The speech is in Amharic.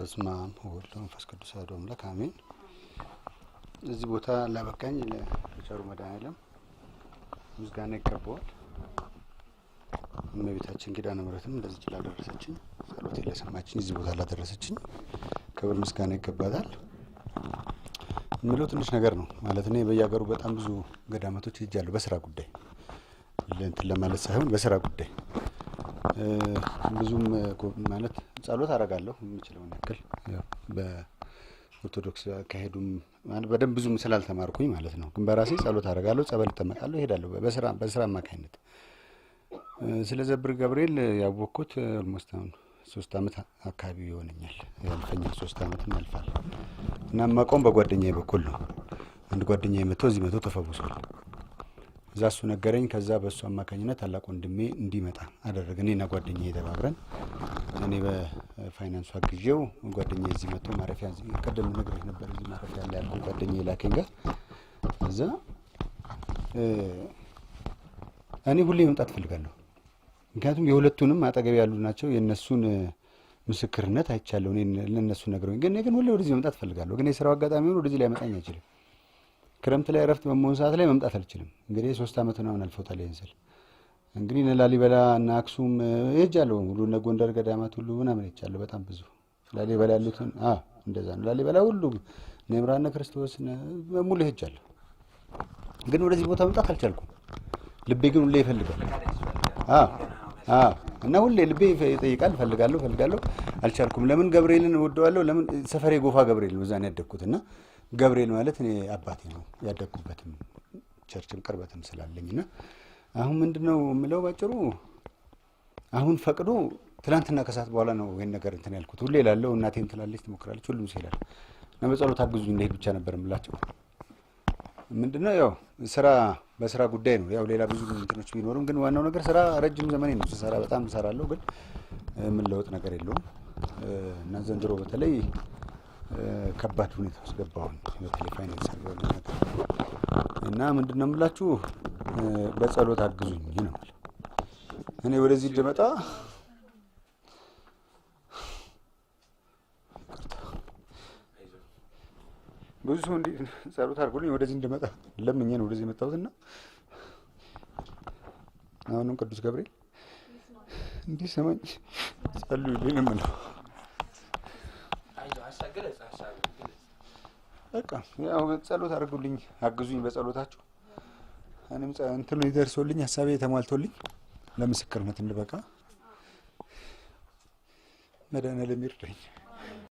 በስመ አብ ወወልድ ወመንፈስ ቅዱስ አሐዱ አምላክ አሜን። እዚህ ቦታ ላበቃኝ ለቸሩ መድኃኔዓለም ምስጋና ይገባዋል። እመቤታችን ኪዳነ ምሕረትም እንደዚህ ላደረሰችኝ፣ ጸሎቴ ለሰማችኝ፣ እዚህ ቦታ ላደረሰችኝ ክብር ምስጋና ይገባታል። የምለው ትንሽ ነገር ነው ማለት እኔ በየሀገሩ በጣም ብዙ ገዳማቶች ሄጃለሁ በስራ ጉዳይ እንትን ለማለት ሳይሆን በስራ ጉዳይ ብዙም ማለት ጸሎት አደርጋለሁ የምችለውን ያክል በኦርቶዶክስ አካሄዱም በደንብ ብዙም ስላልተማርኩኝ ማለት ነው። ግን በራሴ ጸሎት አደርጋለሁ፣ ጸበል እጠመቃለሁ፣ እሄዳለሁ በስራ አማካኝነት። ስለ ዘብር ገብርኤል ያወቅኩት ኦልሞስት አሁን ሶስት አመት አካባቢ ይሆነኛል። ያልፈኛል፣ ሶስት አመትም ያልፋል እና መቆም በጓደኛዬ በኩል ነው። አንድ ጓደኛዬ መጥቶ እዚህ መጥቶ ተፈውሷል። እዛ እሱ ነገረኝ። ከዛ በእሱ አማካኝነት ታላቅ ወንድሜ እንዲመጣ አደረገ። እኔና ጓደኛ የተባብረን እኔ በፋይናንሱ አግዤው ጓደኛ እዚህ መጥቶ ማረፊያ ቀደም ነግሬህ ነበር እዚህ ማረፊያ ላይ ያልኩ ጓደኛ የላከኝ ጋር እዛ እኔ ሁሌ መምጣት እፈልጋለሁ። ምክንያቱም የሁለቱንም አጠገብ ያሉ ናቸው። የእነሱን ምስክርነት አይቻለሁ። ለእነሱ ነግረኝ ግን ግን ሁሌ ወደዚህ መምጣት እፈልጋለሁ። ግን የስራው አጋጣሚ ሆኖ ወደዚህ ላይ አይችልም ክረምት ላይ እረፍት በመሆን ሰዓት ላይ መምጣት አልችልም። እንግዲህ ሶስት ዓመት ምናምን አልፎታል። ይንስል እንግዲህ እነ ላሊበላ እነ አክሱም ሄጃለሁ ሁሉ እነ ጎንደር ገዳማት ሁሉ ምናምን ሄጃለሁ። በጣም ብዙ ላሊበላ ያሉትን እንደዛ ነው። ላሊበላ ሁሉ ነምራነ ክርስቶስ ሙሉ ሄጃለሁ፣ ግን ወደዚህ ቦታ መምጣት አልቻልኩም። ልቤ ግን ሁሌ ይፈልጋል እና ሁሌ ልቤ ይጠይቃል። ፈልጋለሁ ፈልጋለሁ፣ አልቻልኩም። ለምን ገብርኤልን እወደዋለሁ። ለምን ሰፈሬ ጎፋ ገብርኤል ነው፣ እዛ ነው ያደግኩት እና ገብርኤል ማለት እኔ አባቴ ነው ያደግኩበትም ቸርችም ቅርበትም ስላለኝ ና አሁን ምንድን ነው የምለው ባጭሩ አሁን ፈቅዶ ትናንትና ከሰዓት በኋላ ነው ይህን ነገር እንትን ያልኩት። ሁሌ ላለው እናቴም ትላለች፣ ትሞክራለች፣ ሁሉም ሰው ይላል እና በጸሎት አግዙኝ እንደሄድ ብቻ ነበር የምላቸው። ምንድነው ያው ስራ በስራ ጉዳይ ነው። ያው ሌላ ብዙ እንትኖች ቢኖርም ግን ዋናው ነገር ስራ ረጅም ዘመኔ ነው ስሰራ፣ በጣም ሰራለሁ ግን የምለወጥ ነገር የለውም እና ዘንድሮ በተለይ ከባድ ሁኔታ ውስጥ ገባሁኝ በተለይ ፋይናንስ እና ምንድን ነው የምላችሁ በጸሎት አግዙኝ ነው። እኔ ወደዚህ እንድመጣ ብዙ ሰው እንዲ ጸሎት አድርጎልኝ ወደዚህ እንድመጣ ለምኜ ነው ወደዚህ የመጣሁት እና አሁንም ቅዱስ ገብርኤል እንዲሰማኝ ጸልዩልኝ ነው የምለው። በቃ ያው ጸሎት አድርጉልኝ፣ አግዙኝ በጸሎታችሁ። እኔም እንትኑ ይደርሶልኝ ሀሳቤ ተሟልቶልኝ ለምስክርነት እንድበቃ መድኃኔዓለም ይርዳኝ።